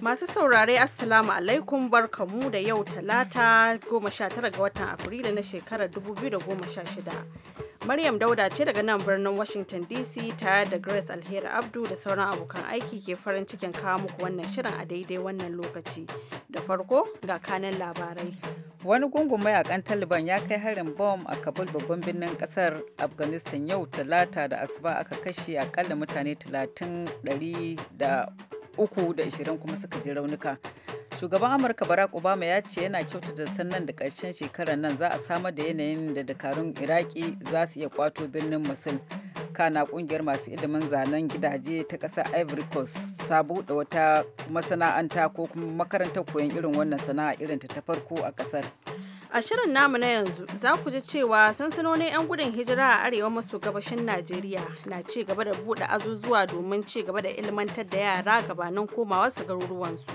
Masu saurare Assalamu alaikum barkamu da yau talata 19 ga watan Afrilu na shekarar 2016. Maryam Dauda ce daga nan birnin Washington DC tare da Grace Alheri Abdu da sauran abokan aiki ke farin cikin kawo muku wannan shirin a daidai wannan lokaci. Da farko ga kanan labarai. Wani gungun mayakan Taliban ya kai harin bom a Kabul babban birnin kasar Afghanistan yau talata da asuba aka kashe akalla mutane 30 da uku da ashirin kuma suka ji raunuka shugaban amurka barack obama ya ce yana kyautata da nan da ƙarshen shekarar nan za a samar da yanayin da dakarun iraki za su iya kwato birnin musul kana ƙungiyar masu ilimin zanen gidaje ta ƙasar ivory coast ta buɗe wata masana'anta ko kuma makarantar koyon irin wannan sana'a irin ta farko a ƙasar A shirin namu na yanzu za ku ji cewa sansanonin 'yan gudun hijira a arewa maso gabashin Najeriya na ci gaba da bude azuzuwa domin ci gaba da ilmantar da yara gabanin komawa su garuruwansu.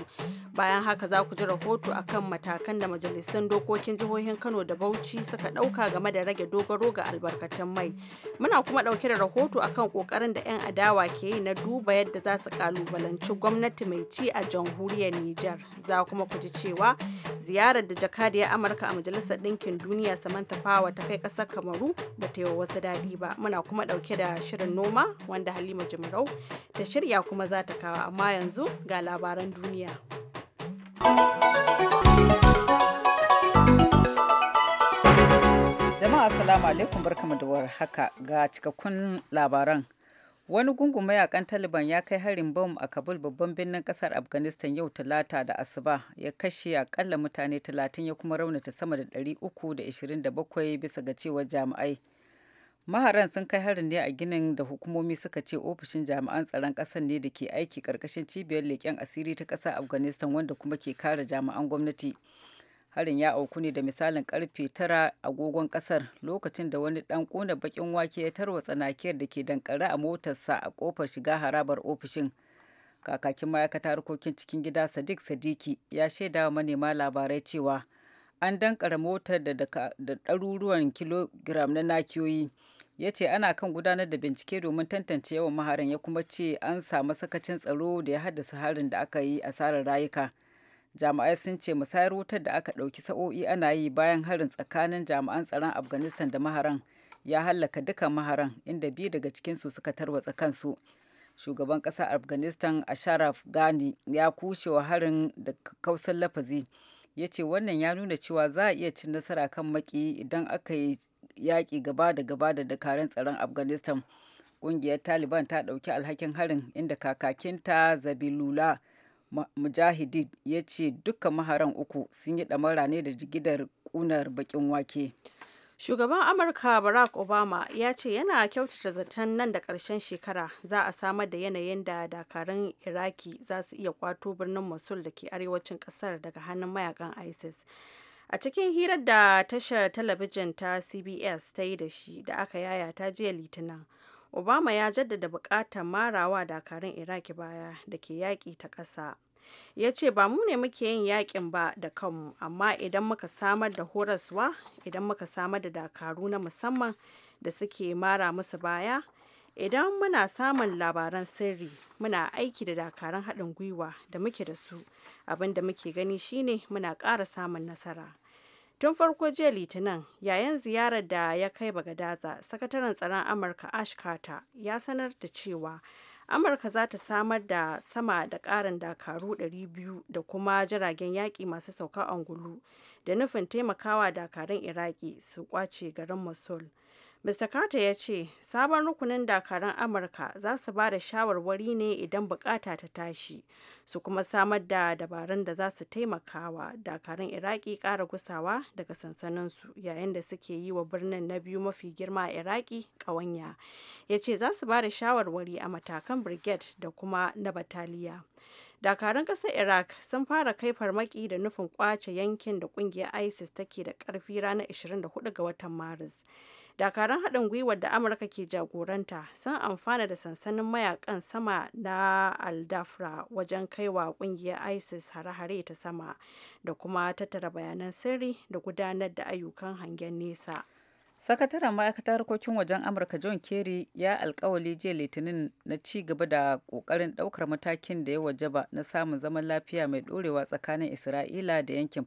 Bayan haka za ku ji rahoto akan matakan da majalisun dokokin jihohin Kano da Bauchi suka ɗauka game da rage dogaro ga albarkatun mai. Muna kuma ɗauke da rahoto a kan ƙoƙarin da 'yan adawa ke yi na duba yadda za su ƙalubalanci gwamnati mai ci a jamhuriyar Nijar. Za kuma ku ji cewa ziyarar da jakadiyar Amurka a majalisar ɗinkin duniya samantha power ta kai ƙasar kamaru ba ta yi wasu daɗi ba muna kuma ɗauke da shirin noma wanda halima jimarau ta shirya kuma za ta kawo amma yanzu ga labaran duniya jama'a assalamu alaikum barkamu da war haka ga cikakkun labaran wani gungun mayakan taliban ya kai harin bom a kabul babban birnin kasar afghanistan yau talata da asuba ya kashe akalla mutane talatin ya kuma raunata sama da 327 bisa ga cewar jami'ai maharan sun kai harin ne a ginin da hukumomi suka ce ofishin jami'an tsaron ƙasar ne da ke aiki ƙarƙashin cibiyar leƙen asiri ta ƙasar afghanistan wanda kuma ke kare jami'an gwamnati harin ya auku ne da misalin karfe tara agogon kasar lokacin da wani dan kona bakin wake ya tarwa tsanakiyar da ke dankare a motarsa a kofar shiga harabar ofishin kakakin ma'aikata harkokin cikin gida sadiq sadiki ya shaida wa manema labarai cewa an dankare motar da ɗaruruwan kilogiram na nakiyoyi ya ce ana kan gudanar da bincike domin tantance yawan maharin ya kuma ce an samu sakacin tsaro da ya haddasa harin da aka yi asarar rayuka. jami'ai sun ce musayar wutar da aka ɗauki sa'o'i ana yi bayan harin tsakanin jami'an tsaron afghanistan da maharan ya hallaka dukan maharan inda biyu daga cikinsu suka tarwatsa kansu shugaban ƙasar afghanistan asharaf gani ya kushe wa harin da kausan lafazi ya ce wannan ya nuna cewa za a iya cin nasara kan maki idan aka yi yaƙi gaba da gaba da dakarun tsaron afghanistan ƙungiyar taliban ta ɗauki alhakin harin inda kakakinta zabilula mujahideen ya ce duka maharan uku sun yi ɗamara ne da jigidar kunar bakin wake shugaban amurka barack obama ya ce yana kyautata zaton nan da karshen shekara za a samar da yanayin da dakarun iraki za su iya kwato birnin mosul da ke arewacin kasar daga hannun mayakan isis a cikin hirar da tashar talabijin ta cbs ta yi da shi da aka yaya ta jiya litinin obama ya jaddada bukatar marawa dakarun iraki baya da ke yaƙi ta ƙasa ya ce ba mu ne muke yin yaƙin ba da kanmu amma idan muka samar da horaswa idan muka samar da dakaru na musamman da suke mara musu baya idan muna samun labaran sirri muna aiki da dakarun haɗin gwiwa da muke da su abin da muke gani shine muna ƙara samun nasara tun farko jiya litinin yayin ziyarar da ya kai bagadaza sakataren tsaron amurka ash carter ya sanar da cewa amurka za ta samar da sama da karin dakaru 200 da kuma jiragen yaƙi masu sauka angulu da nufin taimakawa dakarun iraki su kwace garin mosul Mr. Carter ya ce sabon rukunin dakarun Amurka za su ba da shawarwari ne idan bukata ta tashi su kuma samar da dabarun da za su taimakawa dakarun Iraki kara gusawa daga sansaninsu yayin da suke yi wa birnin na biyu mafi girma a Iraki ƙawanya. Ya ce za su ba da shawarwari a matakan brigade da kuma na bataliya. dakarun ƙasar iraq sun fara kai farmaki da nufin kwace yankin da ƙungiyar isis take da ƙarfi ranar 24 ga watan maris dakaran haɗin gwiwar da amurka ke jagoranta sun amfana da sansanin mayakan sama na aldafra wajen kaiwa ƙungiyar isis hare-hare ta sama da kuma tattara bayanan sirri da gudanar da ayyukan hangen nesa sakataren ma'aikatar harkokin wajen amurka john kerry ya alkawali jiya litinin na ci gaba da kokarin daukar matakin da ya wajaba na samun zaman lafiya mai dorewa tsakanin isra'ila da yankin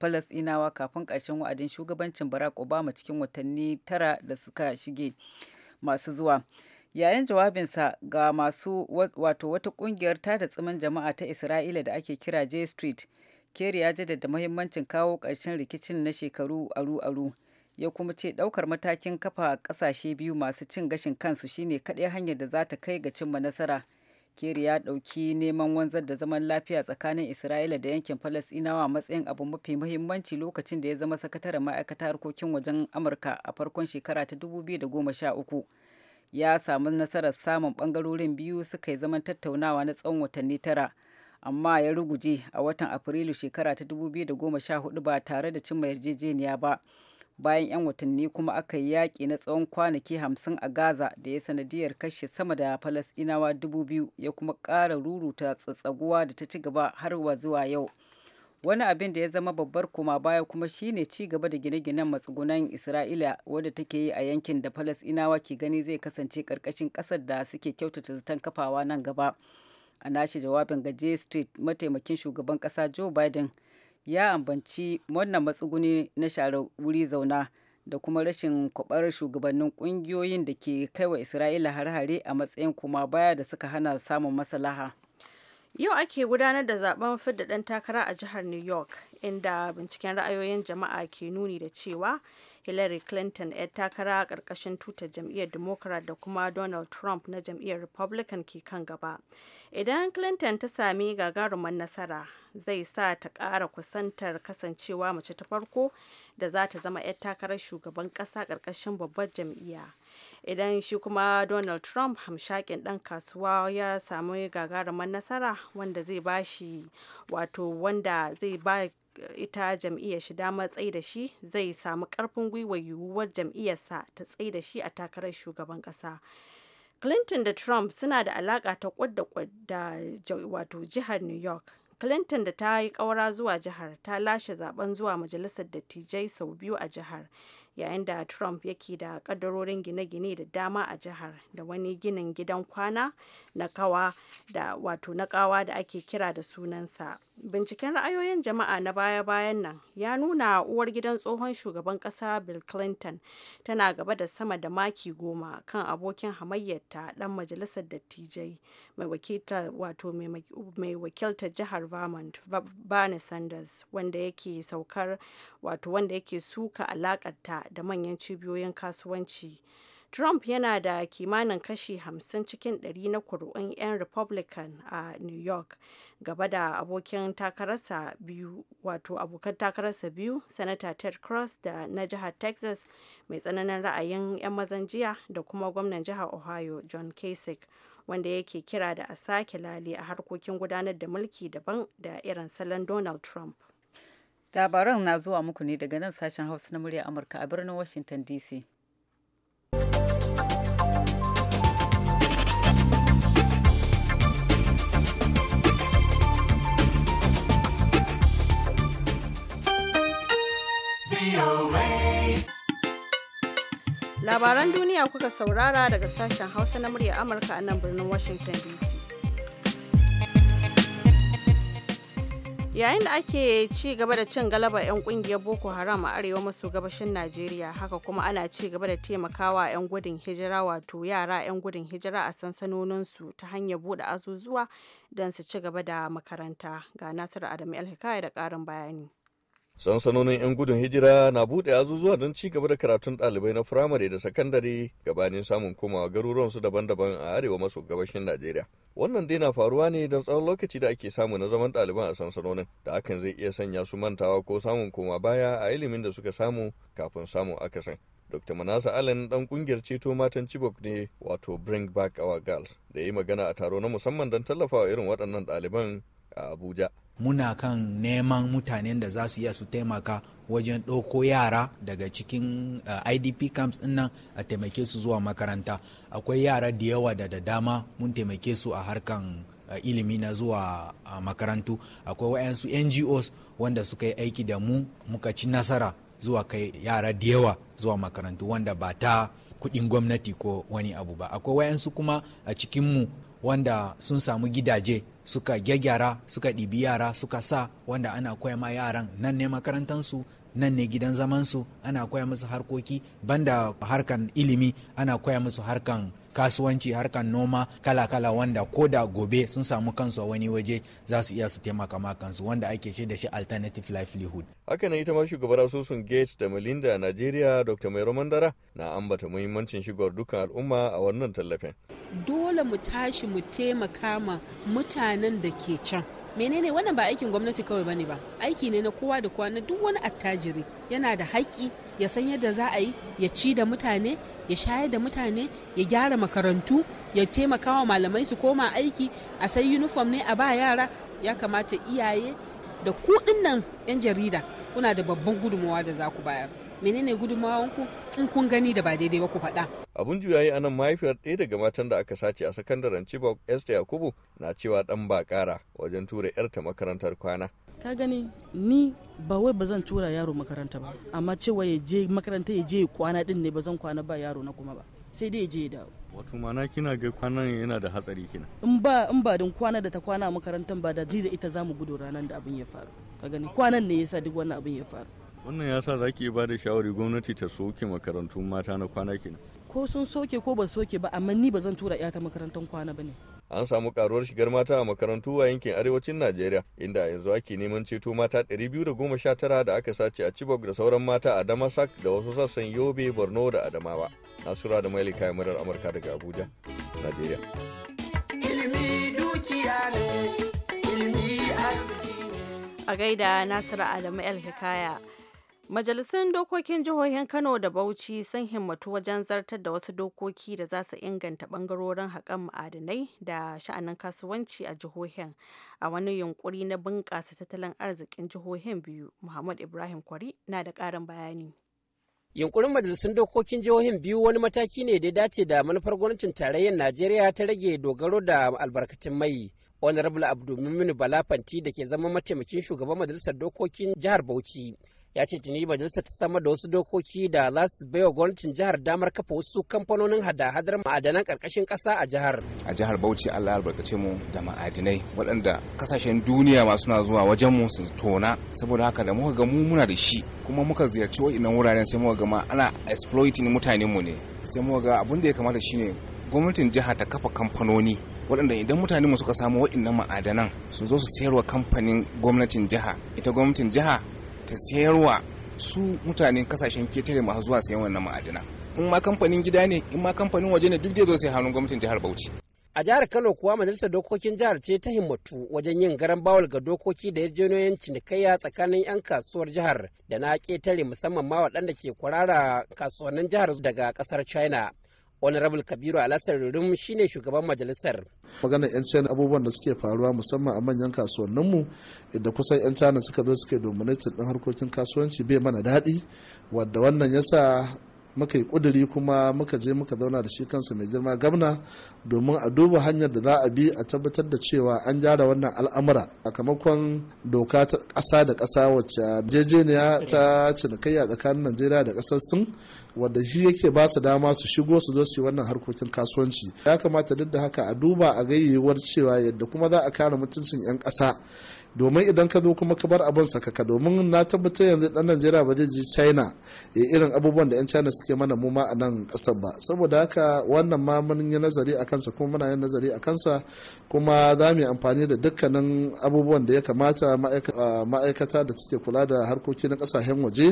falasinawa kafin karshen wa'adin shugabancin barack obama cikin watanni tara da suka shige masu zuwa yayin jawabinsa ga masu wato wata kungiyar tada tsimin jama'a ta isra'ila da ake kira j street kerry ya jaddada muhimmancin kawo ƙarshen rikicin na shekaru aru-aru ya kuma ce ɗaukar matakin kafa kasashe biyu masu cin gashin kansu shine kaɗai hanyar da za ta kai ga cimma nasara keri ya ɗauki neman wanzar da zaman lafiya tsakanin isra'ila da yankin falasɗinawa a matsayin abu mafi muhimmanci lokacin da ya zama sakataren ma'aikata harkokin wajen amurka a farkon shekara ta 2013 ya samu nasarar samun bangarorin biyu suka yi zaman tattaunawa na tsawon watanni tara amma ya ruguje a watan afrilu shekara ta 2014 ba tare da cimma yarjejeniya ba bayan 'yan watanni kuma aka yi yaƙi na tsawon kwanaki hamsin a gaza da ya sanadiyar kashe sama da falasɗinawa dubu biyu ya kuma ƙara ruruta tsatsaguwa da ta ci gaba har wa zuwa yau wani abin da ya zama babbar koma baya kuma shine ci gaba da gine-ginen matsugunan isra'ila wadda take yi a yankin da falasɗinawa ke gani zai kasance ƙarƙashin ƙasar da suke kyautata zaton kafawa nan gaba a nashi jawabin ga j street mataimakin shugaban ƙasa joe biden ya ambanci wannan matsuguni na share wuri zauna da kuma rashin kwabar shugabannin kungiyoyin da ke kaiwa isra'ila har-hare a matsayin kuma baya da suka hana samun masalaha. yau ake gudanar da zaben fidda ɗan takara a jihar new york inda binciken ra'ayoyin jama'a ke nuni da cewa hillary clinton 'yar takara a ƙarƙashin tutar jam'iyyar democrat da kuma donald trump na jam'iyyar republican ke kan gaba idan clinton ta sami gagarumar nasara zai sa ta ƙara kusantar kasancewa mace ta farko da za ta zama 'yar takarar shugaban ƙasa ƙarƙashin babbar jam'iyya idan shi kuma donald trump hamshakin dan kasuwa ya sami gagarumar nasara wanda zai ba shi wato wanda zai ba ita jam'iyyar shi dama tsaye da shi zai samu karfin gwiwa yiwuwar jam'iyyarsa ta tsaye da shi a takarar shugaban kasa clinton da trump suna da alaka ta kwadda kwadda wato jihar new york clinton da ta yi kaura zuwa jihar ta lashe zaben zuwa majalisar dattijai sau biyu a jihar yayin da trump yake da kadarorin gine-gine da dama a jihar da wani ginin gidan kwana na kawa da wato na kawa da ake kira da sunansa binciken ra'ayoyin jama'a na baya-bayan nan ya nuna uwar gidan tsohon shugaban kasa bill clinton tana gaba da sama da maki goma kan abokin hamayyarta dan majalisar dattijai mai wakilta wato mai wakilta jihar vermont bernie sanders wanda yake saukar wato wanda yake suka alakarta da manyan cibiyoyin kasuwanci. Trump yana da kimanin kashi hamsin cikin ɗari na kuri'un 'yan Republican a New York, gaba da abokin takararsa biyu, wato abokan takararsa biyu, Sanata Ted Cruz da na jihar Texas mai tsananin ra'ayin 'yan mazan jiya da kuma gwamnan jihar Ohio John Kasich, wanda yake kira da a sake lale a harkokin gudanar da mulki daban da irin salon Donald Trump. labaran na zuwa muku ne daga nan sashen hausa na murya amurka a birnin washington dc labaran duniya kuka saurara daga sashen hausa na murya amurka a nan birnin washington dc yayin da ake ci gaba da cin galaba 'yan kungiyar boko haram a arewa maso gabashin najeriya haka kuma ana ci gaba da taimakawa 'yan gudun hijira wato yara 'yan gudun hijira a sansanoninsu ta hanyar bude azuzuwa don su ci gaba da makaranta ga nasiru adamu alhikaya da ƙarin bayani Sansanonin 'yan gudun hijira na buɗe azuzuwa don ci gaba da karatun ɗalibai na firamare da sakandare gabanin samun komawa garuruwansu daban-daban a arewa maso gabashin Najeriya. Wannan dai na faruwa ne don tsawon lokaci da ake samu na zaman ɗaliban a sansanonin da hakan zai iya sanya su mantawa ko samun koma baya a ilimin da suka samu kafin samun akasin. Dr. Manasa Allen dan kungiyar ceto matan Chibok ne wato Bring Back Our Girls da yi magana a taro na musamman don tallafawa irin waɗannan ɗaliban a Abuja. muna kan neman mutanen da za su iya su taimaka wajen ɗauko yara daga cikin uh, eh, idp camps nan a taimake su zuwa makaranta akwai yara da yawa da da dama mun taimake su a harkan uh, ilimi na zuwa uh, makarantu akwai wayansu ngos wanda suka yi aiki da mu muka ci nasara zuwa kai yara da yawa zuwa makarantu wanda ba ta kudin gwamnati ko wani abu ba akwai wayansu kuma a cikinmu wanda sun samu gidaje suka gyagyara suka ɗibi yara suka sa wanda ana koya ma yaran nan ne makarantansu nan ne gidan zamansu ana koya musu harkoki banda harkan ilimi ana koya musu harkan kasuwanci harkan noma kala-kala wanda ko da gobe sun samu kansu a wani waje za su iya su taimaka ma kansu wanda ake ce da shi alternative livelihood. haka nan ita ma shugabar asusun gates da melinda nigeria dr mai romandara na ambata muhimmancin shigar dukkan al'umma a wannan tallafin. dole mu tashi mu taimaka ma mutanen da ke can menene wannan ba aikin gwamnati kawai bane ba aiki ne na kowa da kowa na duk wani attajiri yana da haƙƙi ya san yadda za a yi ya ci da mutane ya shayar da mutane ya gyara makarantu ya taimaka wa malamai su koma aiki a sai uniform ne a ba yara ya kamata iyaye da kuɗin nan 'yan jarida kuna da babban gudunmawa da za ku bayar menene gudunmawanku in kun gani da ba daidai ba ku faɗa. abun juyayi anan mahaifiyar ɗaya daga matan da aka sace a sakandaren chibok esther yakubu na cewa ɗan ba ƙara wajen tura yarta makarantar kwana ka gani ni ba wai ba zan tura yaro makaranta ba amma cewa ya je makaranta ya je kwana din ne ba zan kwana ba yaro na kuma ba sai dai ya je ya dawo wato mana kina ga kwanan yana da hatsari kina in ba in ba don kwana da ta kwana a makarantar ba da da ita zamu gudu ranar da abin ya faru ka gani kwanan ne yasa duk wannan abin ya faru wannan ya sa za ki ba da shawari gwamnati ta soke makarantun mata na kwana kenan ko sun soke ko ba soke ba amma ni ba zan tura ta makarantar kwana ba ne an samu karuwar shigar mata a makarantu a yankin arewacin najeriya inda a yanzu ake neman ceto mata 219 da aka sace a chibok da sauran mata a damasak da wasu sassan yobe borno da adamawa nasura da maili kayan murar amurka daga abuja najeriya ilimi dukiya ne a gaida nasara adamu el hikaya Majalisun dokokin jihohin Kano da Bauchi sun himmatu wajen zartar da wasu dokoki da za su inganta bangarorin haƙan ma'adinai da sha'anin kasuwanci a jihohin a wani yunkuri na bunƙasa tattalin arzikin jihohin biyu. Muhammad Ibrahim Kwari na da ƙarin bayani. Yunkurin majalisun dokokin jihohin biyu wani mataki ne da ya dace da manufar gwamnatin tarayyar Najeriya ta rage dogaro da albarkatun mai. Honorable Abdulmumin Balafanti da ke zama mataimakin shugaban majalisar dokokin jihar Bauchi ya ce tuni majalisar ta samar da wasu dokoki da za su wa gwamnatin jihar damar kafa wasu kamfanonin hada-hadar ma'adanan karkashin kasa a jihar a jihar bauchi allah albarkace mu da ma'adinai waɗanda kasashen duniya ma suna zuwa wajen mu su tona saboda haka da muka ga mu muna da shi kuma muka ziyarci wa'innan wuraren sai muka ga ma ana exploiting mutanen mu ne sai muka ga abin da ya kamata shine gwamnatin jiha ta kafa kamfanoni waɗanda idan mutane mu suka samu waɗannan ma'adanan su zo su sayarwa kamfanin gwamnatin jiha ita gwamnatin jiha ta sayarwa su mutanen kasashen ketare masu zuwa sayan wannan ma'adina in ma kamfanin gida ne in ma kamfanin waje ne duk zai zo sai hannun gwamnatin jihar Bauchi a jihar Kano kuwa majalisar dokokin jihar ce ta himmatu wajen yin garan bawul ga dokoki da yarjejeniyoyin cinikayya tsakanin 'yan kasuwar jihar da na ketare musamman ma waɗanda ke kwarara kasuwannin jihar daga ƙasar China honorable kabiru alassar rurum shine shugaban majalisar magana yan china abubuwan da suke faruwa musamman a manyan kasuwanninmu inda kusan yan china suka zo suke dominatin din harkokin kasuwanci bai mana daɗi wadda wannan yasa muka yi kuduri kuma muka je muka zauna da shi kansa mai girma gamna domin a duba hanyar da za a bi a tabbatar da cewa an gyara wannan al'amura a kamakon doka ta ƙasa da kasa wacce jejeniya ta cinikayya tsakanin najeriya da kasar sun wadda shi yake ba su dama su shigo su zo su yi wannan harkokin kasuwanci ya kamata duk da haka a duba a gayyewar cewa yadda kuma za a kare mutuncin 'yan ƙasa domin idan ka zo kuma ka bar abin sakaka domin na tabbatar yanzu dan najeriya ba zai ji china irin abubuwan da yan china suke mana mu ma a nan kasar ba saboda haka wannan ma mun yi nazari a kansa kuma muna yin nazari a kansa kuma za mu yi amfani da dukkanin abubuwan da ya kamata ma'aikata da suke kula da harkoki na kasashen waje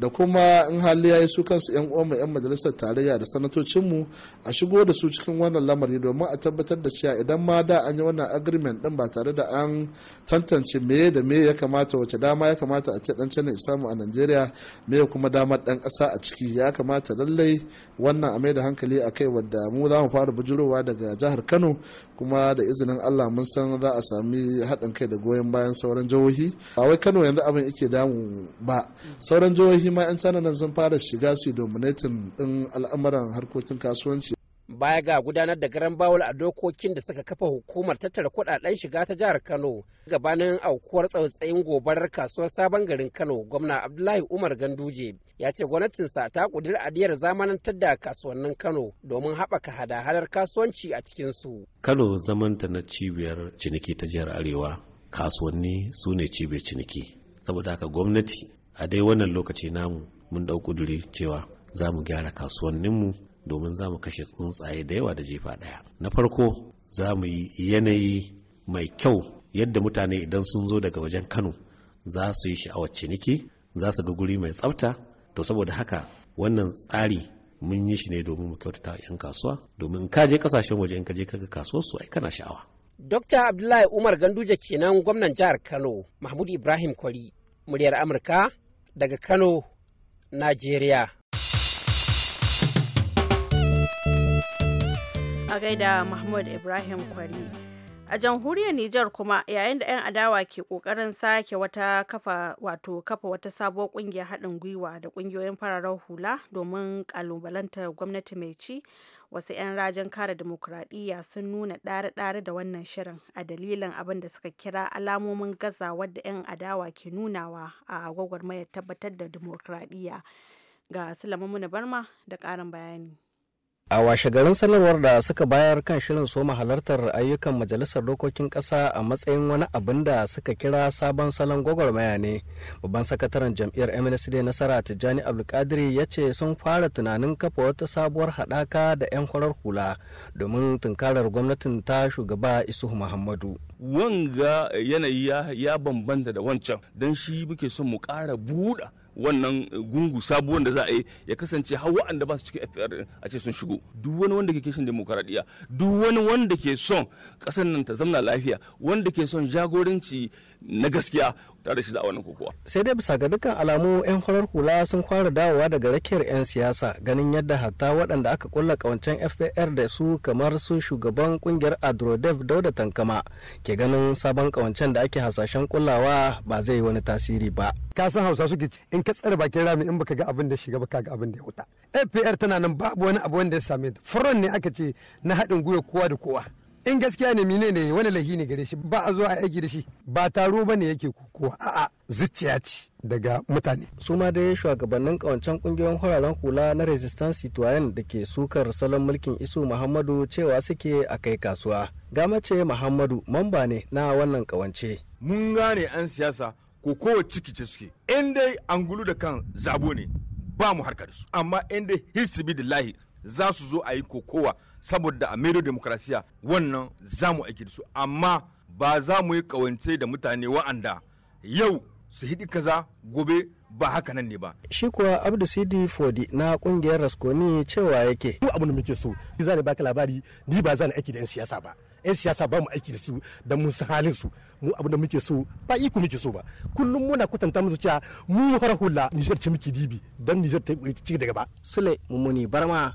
da kuma in hali ya su kansu yan uwanmu yan majalisar tarayya da sanatocinmu a shigo da su cikin wannan lamari domin a tabbatar da cewa idan ma da an yi wannan agreement din ba tare da an tantance tantance me da me ya kamata wace dama ya kamata a ce dan cana samu a najeriya me kuma damar dan kasa a ciki ya kamata lallai wannan a da hankali a kai wadda mu za mu fara bujurowa daga jihar kano kuma da izinin allah mun san za a sami haɗin kai da goyon bayan sauran jihohi ba wai kano yanzu abin yake damu ba sauran jihohi ma 'yan canan sun fara shiga su dominatin din al'amuran harkokin kasuwanci baya ga gudanar da garan bawul a dokokin da suka kafa hukumar tattara kudaden shiga ta jihar kano gabanin aukuwar tsautsayin gobarar kasuwar sabon garin kano gwamna abdullahi umar ganduje ya ce gwamnatinsa ta kudir adiyar zamanantar da kasuwannin kano domin haɓaka hada-hadar kasuwanci a cikin su kano zamanta na cibiyar ciniki ta jihar arewa kasuwanni su ne cibiyar ciniki saboda haka gwamnati a dai wannan lokaci namu mun ɗau kuduri cewa za mu gyara kasuwanninmu domin za mu kashe tsuntsaye da yawa da jefa ɗaya na farko za mu yi yanayi mai kyau yadda mutane idan sun zo daga wajen kano za su yi sha'awar ciniki za su ga guri mai tsafta to saboda haka wannan tsari mun yi shi ne domin mu kyautata 'yan kasuwa domin ka je kasashen waje in ka je kaga kasuwar su ai kana sha'awa Dokta Abdullahi Umar Ganduje kenan gwamnan jihar Kano, Mahmud Ibrahim Kwari, muryar Amurka daga Kano, Najeriya. a gaida Mahmud Ibrahim Kwari. A jamhuriyar Nijar kuma yayin da 'yan adawa ke kokarin sake wata kafa wato kafa wata sabuwar kungiyar haɗin gwiwa da kungiyoyin fararen hula domin kalubalantar gwamnati mai ci wasu 'yan rajin kare demokuraɗiyya sun nuna ɗare-ɗare da wannan shirin a dalilin abin da suka kira alamomin gaza da 'yan adawa ke nunawa a gwagwarmayar tabbatar da demokuraɗiyya ga Sulaiman Barma da ƙarin bayani. a washe garin sanarwar da suka bayar kan shirin soma halartar ayyukan majalisar dokokin ƙasa a matsayin wani abin da suka kira sabon salon gwagwarmaya ne babban sakataren jam'iyyar mnsd nasara tijjani abdulkadir ya ce sun fara tunanin kafa wata sabuwar haɗaka da 'yan kwarar hula domin tunkarar gwamnatin ta shugaba isuhu muhammadu wanga yanayi ya bambanta da wancan don shi muke son mu ƙara buɗa wannan eh, gungu sabuwan da za a yi ya kasance har wa'anda ba su cikin FPR a ce sun shigo duk wani wanda ke kishin demokaradiyya duk wani wanda ke son ƙasar nan ta zamna lafiya wanda ke son jagoranci na gaskiya tare shi za a wannan kokowa. Sai dai bisa ga dukkan alamu 'yan farar hula sun fara dawowa daga rakiyar 'yan siyasa ganin yadda hatta waɗanda aka kulla kawancen FPR da su kamar su shugaban kungiyar Adrodev Dauda Tankama ke ganin sabon kawancen da ake hasashen kullawa ba zai yi wani tasiri ba. Ka san Hausa suke in ka tsare bakin rami in baka ga abin da shiga baka ga abin da ya wuta. FPR tana nan babu wani abu wanda ya same ta. Furon ne aka ce na haɗin gwiwa kowa da kowa. in gaskiya ne mine ne wani lahi ne gare shi ba a zo a aiki da shi ba taro ba ne yake kokowa a'a zuciya ce daga mutane. su ma dai shugabannin kawancen kungiyoyin hararen hula na resistance situayen da ke sukar salon mulkin iso muhammadu cewa suke a kai kasuwa ga mace muhammadu mamba ne na wannan kawance. mun gane an siyasa ko kowa ciki ce suke in dai angulu da kan zabo ne ba mu harkar su amma in dai hisbi da lahi za su zo a yi kokowa saboda a maido demokrasiya wannan za mu aiki da su amma ba za mu yi kawance da mutane wa'anda yau su hidi kaza gobe ba haka nan ne ba. Shi kuwa Abdu Sidi Fodi na kungiyar Rasconi cewa yake. Duk abin da muke so, ni zan baka labari, ni ba zan aiki da 'yan siyasa ba. 'Yan siyasa ba mu aiki da su da mun san halin su. Mu abin da muke so, ba iko muke so ba. Kullum muna kwatanta musu cewa mu har hula Nijar ce muke dibi, don Nijar ta ci gaba. Sule Mumuni Barma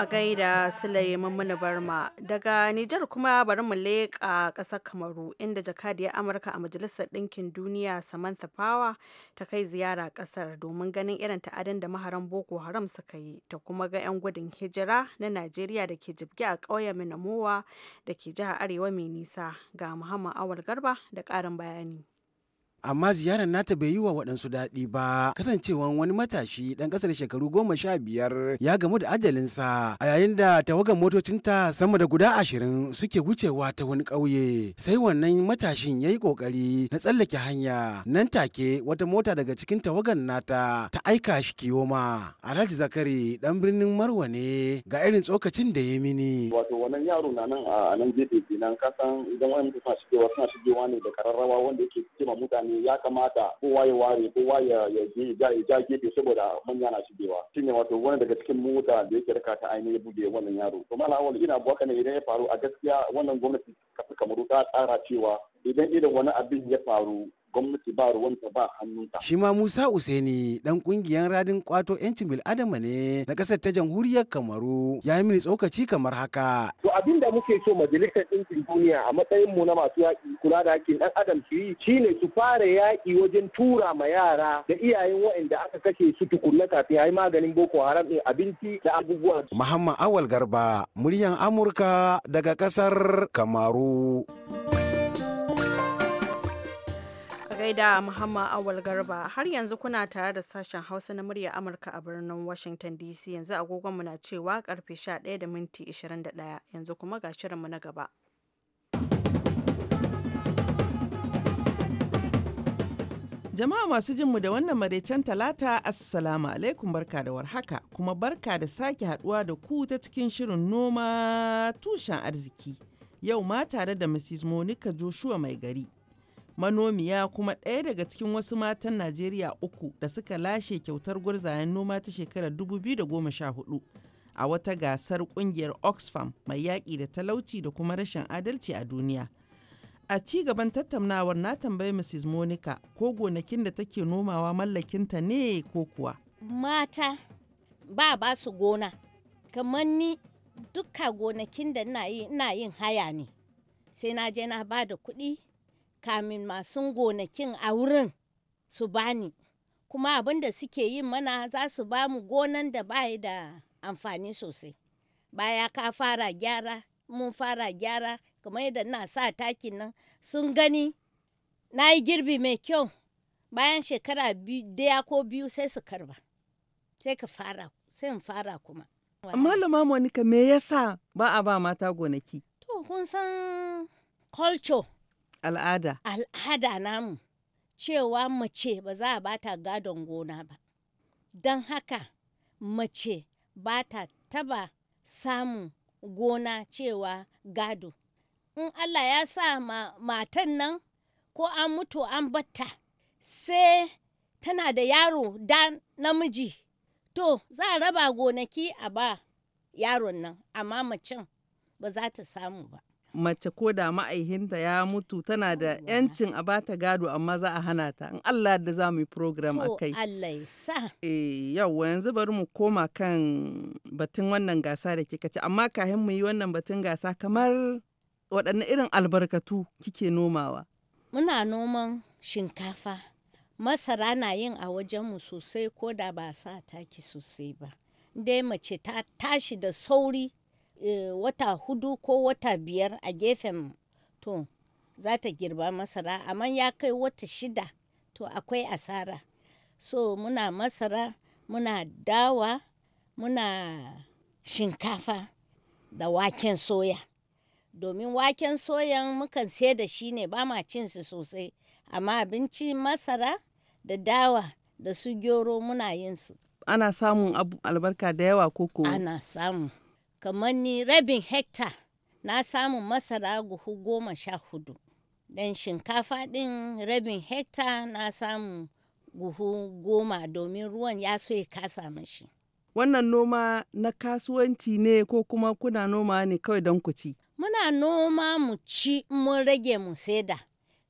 a gaida sulaye mummuna barma daga Nijar kuma bari mu leƙa ƙasar Kamaru inda jakadiyar Amurka a Majalisar Ɗinkin Duniya Samantha Power ta kai ziyara ƙasar domin ganin irin ta'adin da maharan Boko Haram suka yi ta kuma ga 'yan gudun hijira na Najeriya da ke jibge a ƙauyen Minamowa da ke jihar Arewa mai nisa ga Muhammad Awal Garba da ƙarin bayani. amma ziyarar nata bai yi wa waɗansu daɗi ba kasancewan wani matashi ɗan ƙasar shekaru goma sha biyar ya gamu da ajalinsa a yayin da tawagan motocinta sama da guda ashirin suke wucewa ta wani ƙauye sai wannan matashin ya yi ƙoƙari na tsallake hanya nan take wata mota daga cikin tawagan nata ta aika shi kiyoma alhaji zakari ɗan birnin marwa ne ga irin tsokacin da ya mini. wato wannan yaro na nan a nan gefe kenan kasan idan wani suna shigewa suna shigewa ne da kararrawa wanda yake cewa mutane ya kamata kowa ya ware kowa ya ja gefe saboda manya na shigewa ne wato wani daga cikin mota da yake raka ta ainihin ya buge wannan yaro to mala awal ina buwaka ne idan ya faru a gaskiya wannan gwamnati kamar kamaru ta tsara cewa idan irin wani abin ya faru gwamnati ba ruwanta ba hannunta. Shi ma Musa Useni dan kungiyar radin kwato 'yancin bil'adama ne na kasar ta jamhuriyar Kamaru ya yi mini tsokaci kamar haka. To abin da muke so majalisar ɗinkin duniya a matsayin mu na masu yaƙi kula da haƙƙin ɗan adam su yi shine su fara yaƙi wajen tura ma yara da iyayen waɗanda aka kashe su tukunna kafin a yi maganin Boko Haram ɗin abinci da abubuwa. Muhammad Awal Garba, muryan Amurka daga ƙasar Kamaru. gaida Muhammad Awal Garba har yanzu kuna tare da sashen Hausa na murya Amurka a birnin Washington DC yanzu agogonmu na cewa karfe 11 da minti 21 yanzu kuma ga shirinmu na gaba. Jama'a masu jinmu da wannan maraicen talata assalamu alaikum barka da warhaka kuma barka da sake haduwa da ku ta cikin shirin noma tushen arziki yau ma tare da Mrs. Monica Joshua mai gari. manomiya kuma ɗaya daga cikin wasu matan Najeriya uku da suka lashe kyautar gwarzayen noma ta shekarar 2014 a wata gasar ƙungiyar Oxfam mai yaƙi da talauci da kuma rashin adalci a duniya. A ci gaban tattaunawar na tambayi Mrs. Monica ko gonakin da take nomawa mallakinta ne ko kuwa. Mata ba ba su gona, kamar ni duka gonakin da ina yin haya ne, sai na je na ba da kuɗi kamin masu gonakin a wurin su bani kuma abin da suke yin mana za su ba mu gonan da baya da amfani sosai baya ka fara gyara mun fara gyara kamar yadda na sa takin nan sun gani na yi girbi mai kyau bayan shekara daya ko biyu sai su karba sai ka fara sai fara kuma malama monika me yasa ba a ba mata gonaki to kun san culture Al'ada. Al'ada namu cewa mace ba za a bata gadon gona ba. Don haka mace ba ta taba samun gona cewa gado. In Allah ya sa ma, matan nan ko an mutu an batta sai tana da yaro da namiji. To za a raba gonaki a ba yaron nan amma macen ba za ta samu ba. mace ko da ma'aihinta ya mutu tana da yancin a bata gado amma za a hana ta in Allah da za mu yi program a kai. Allah ya sa. Eh yawa yanzu bari mu koma kan batun wannan gasa da kika ci amma kafin mu yi wannan batun gasa kamar waɗanne irin albarkatu kike nomawa. Muna noman shinkafa masara na yin a wajenmu sosai ko da ba sa taki sosai ba. Dai mace ta tashi da sauri Eh, wata hudu ko wata biyar a gefen to za ta girba masara amma ya kai wata shida to akwai asara so muna masara muna dawa muna shinkafa da waken soya domin waken soyan mukan sai da shi ne ba cin su sosai amma abinci masara da dawa da su gyoro muna yin su ana samun albarka da yawa koko ana samu kamar ni rabin hekta na samu masara guhu goma sha hudu dan shinkafa din rabin hekta na samu guhu goma domin ruwan ya so ya kasa mashi wannan noma na kasuwanci ne ko kuma kuna noma ne kawai don ku ci muna noma mu ci mun rage mu saida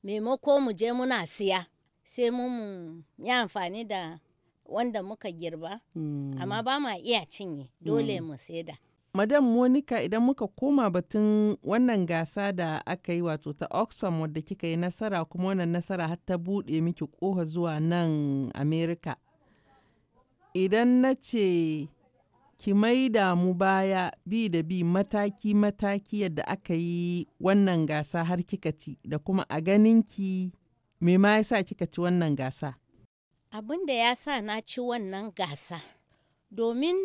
maimako mu je muna siya sai mu yi amfani da wanda muka girba hmm. amma ba ma iya cinye dole mu mm. Madam Monica idan muka koma batun wannan gasa da aka yi wato ta Oxfam wadda kika yi nasara kuma wannan nasara har ta buɗe miki kofa zuwa nan america Idan na ce ki maida mu baya bi da bi mataki-mataki yadda aka yi wannan gasa har kika ci da kuma a ganinki me ma sa kika ci wannan gasa? abinda da ya sa na ci wannan gasa domin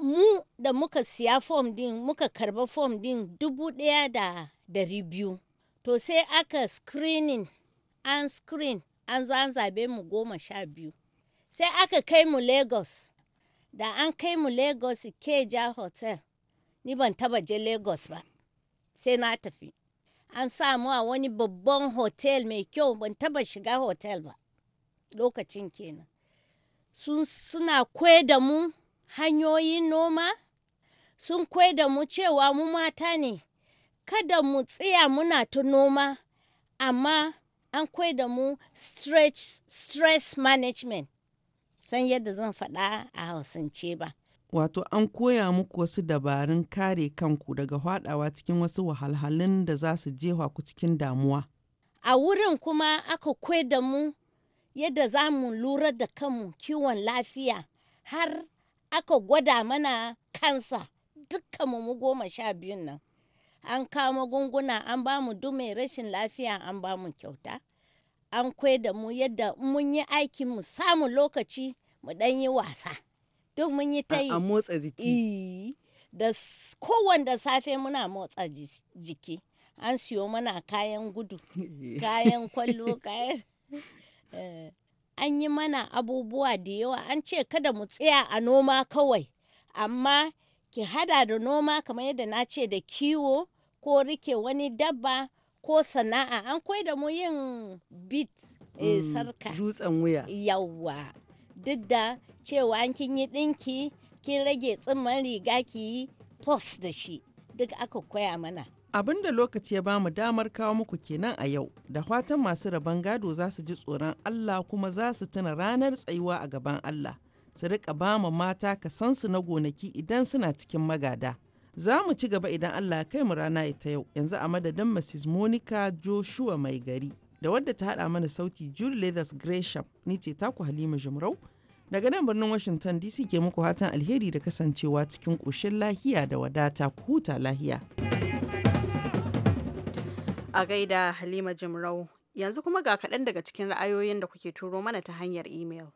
mu da muka siya fom din muka karba fom din dubu ɗaya da dari biyu to sai aka screening an screen an zo an zabe mu goma sha biyu sai aka kai mu lagos da an kai mu lagos keja hotel ni ban taba je lagos ba sai na tafi an sa mu a wani babban hotel mai kyau ban taba shiga hotel ba lokacin kenan suna kwe da mu hanyoyin noma sun da mu cewa mu mata ne kada mu tsaya muna ta noma amma an da mu stress, stress management san yadda zan faɗa a hausance ba wato an koya muku wasu dabarun kare kanku daga haɗawa cikin wasu wahalhalun da za su jefa ku cikin damuwa a wurin kuma aka kwai da mu yadda za mu lura da kanmu kiwon lafiya har aka gwada mana kansa dukkanmu mu goma sha biyun nan an kawo gunguna an ba mu du mai rashin lafiya an ba mu kyauta an da mu yadda mun yi aikin mu samu lokaci mu dan yi wasa duk mun yi ta yi a motsa jiki da kowanda safe muna motsa jiki an siyo mana kayan gudu kayan kwallo kayan eh. an yi mana abubuwa da yawa an ce kada mu tsaya a noma kawai amma ki hada da noma kamar yadda na ce da kiwo ko rike wani dabba ko sana'a an da mu yin bit e, sarka dutsen wuya yawa duk da cewa an kin yi ɗinki kin rage tsimman riga ki yi pos da shi duk aka koya mana Abin da lokaci ya bamu damar kawo muku kenan a yau, da fatan masu rabon gado za su ji tsoron Allah kuma za su tuna ranar tsayuwa a gaban Allah, su riƙa bama mata su na gonaki idan suna cikin magada. Za mu ci gaba idan Allah kai mu rana ita yau, yanzu a madadin Mrs. Monica Joshua mai gari, da wadda ta haɗa mana sauti Julie Leathers Gresham, ni ce taku Halima Jumrau, daga nan birnin Washington DC ke muku hatan alheri da kasancewa cikin ƙoshin lahiya da wadata ku huta lahiya. A gaida Halima Jimrau. Yanzu kuma ga kaɗan daga cikin ra'ayoyin da kuke turo mana ta hanyar imel.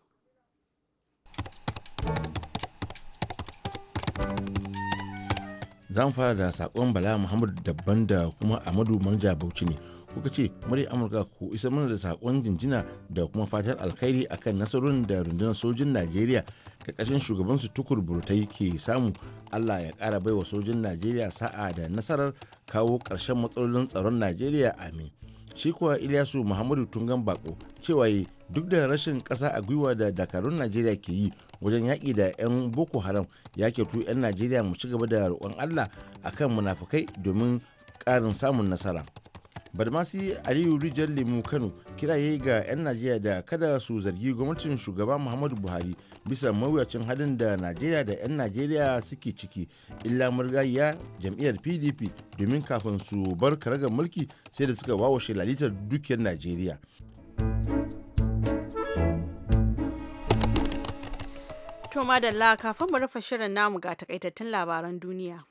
za mu fara da sakon bala muhammadu dabban da kuma amadu manja bauchi ne kuka ce murya amurka ku isa mana da sakon jinjina da kuma fatan alkhairi akan nasarorin da rundunar sojin najeriya ka kashin shugabansu tukur burtai ke samu allah ya kara baiwa sojin najeriya sa'a da nasarar kawo karshen matsalolin tsaron najeriya amin shi kuwa ilyasu muhammadu tungan bako cewa yi duk da rashin ƙasa a gwiwa da dakarun najeriya ke yi wajen yaƙi da 'yan boko haram ya kyautu 'yan najeriya mu ci gaba da roƙon allah akan munafukai domin ƙarin samun nasara. barmasi aliyu rijiyar lemu kano kiraye ga 'yan najeriya da kada su zargi gwamnatin shugaba muhammadu buhari bisa mawuyacin halin da najeriya da 'yan najeriya suke ciki illa murgayya jam'iyyar pdp domin kafin su bar karagar mulki sai da suka wawashe lalitar dukiyar najeriya To madalla kafin mu rufe shirin namu ga takaitattun labaran duniya.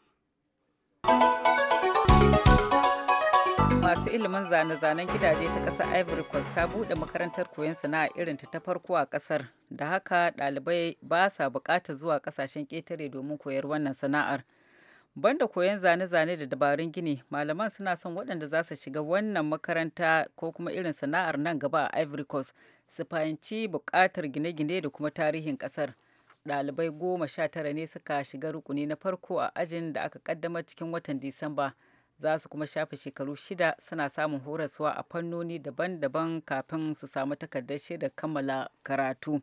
masu ilimin zane-zanen gidaje ta ƙasar Ivory Coast ta buɗe makarantar koyon sana'a irin ta ta farko a ƙasar. Da haka ɗalibai ba sa buƙatar zuwa ƙasashen ƙetare domin koyar wannan sana'ar. Banda koyon zane-zane da dabarun gini, malaman suna son waɗanda za su shiga wannan makaranta ko kuma irin sana'ar nan gaba a Ivory Coast su fahimci buƙatar gine-gine da kuma tarihin ƙasar. Ɗalibai goma sha tara ne suka shiga rukuni na farko a ajin da aka ƙaddamar cikin watan Disamba. za su kuma shafe shekaru shida suna samun horaswa a fannoni daban-daban kafin su samu takardar shaidar kammala karatu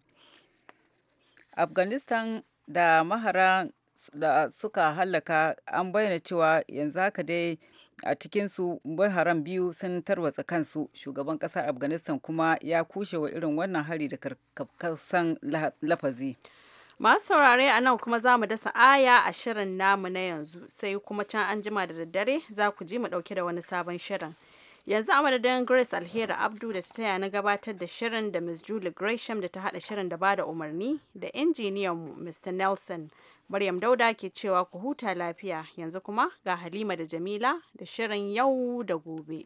afghanistan da mahara da suka hallaka an bayyana cewa yanzu haka dai a cikinsu haram biyu sun tarwatsa kansu shugaban kasar afghanistan kuma ya kushe wa irin wannan hari da karkasan lafazi Masu saurare a nan kuma za mu dasa aya a shirin namu na yanzu sai kuma can an jima da daddare za ku ji mu ɗauke da wani sabon shirin. Yanzu a madadin Grace Alheri Abdu da ta taya na gabatar da shirin da Ms. Julie Gresham da ta hada shirin da ba da umarni da injiniyan Mr. Nelson. Maryam Dauda ke cewa ku huta lafiya yanzu kuma ga Halima da Jamila da shirin yau da gobe.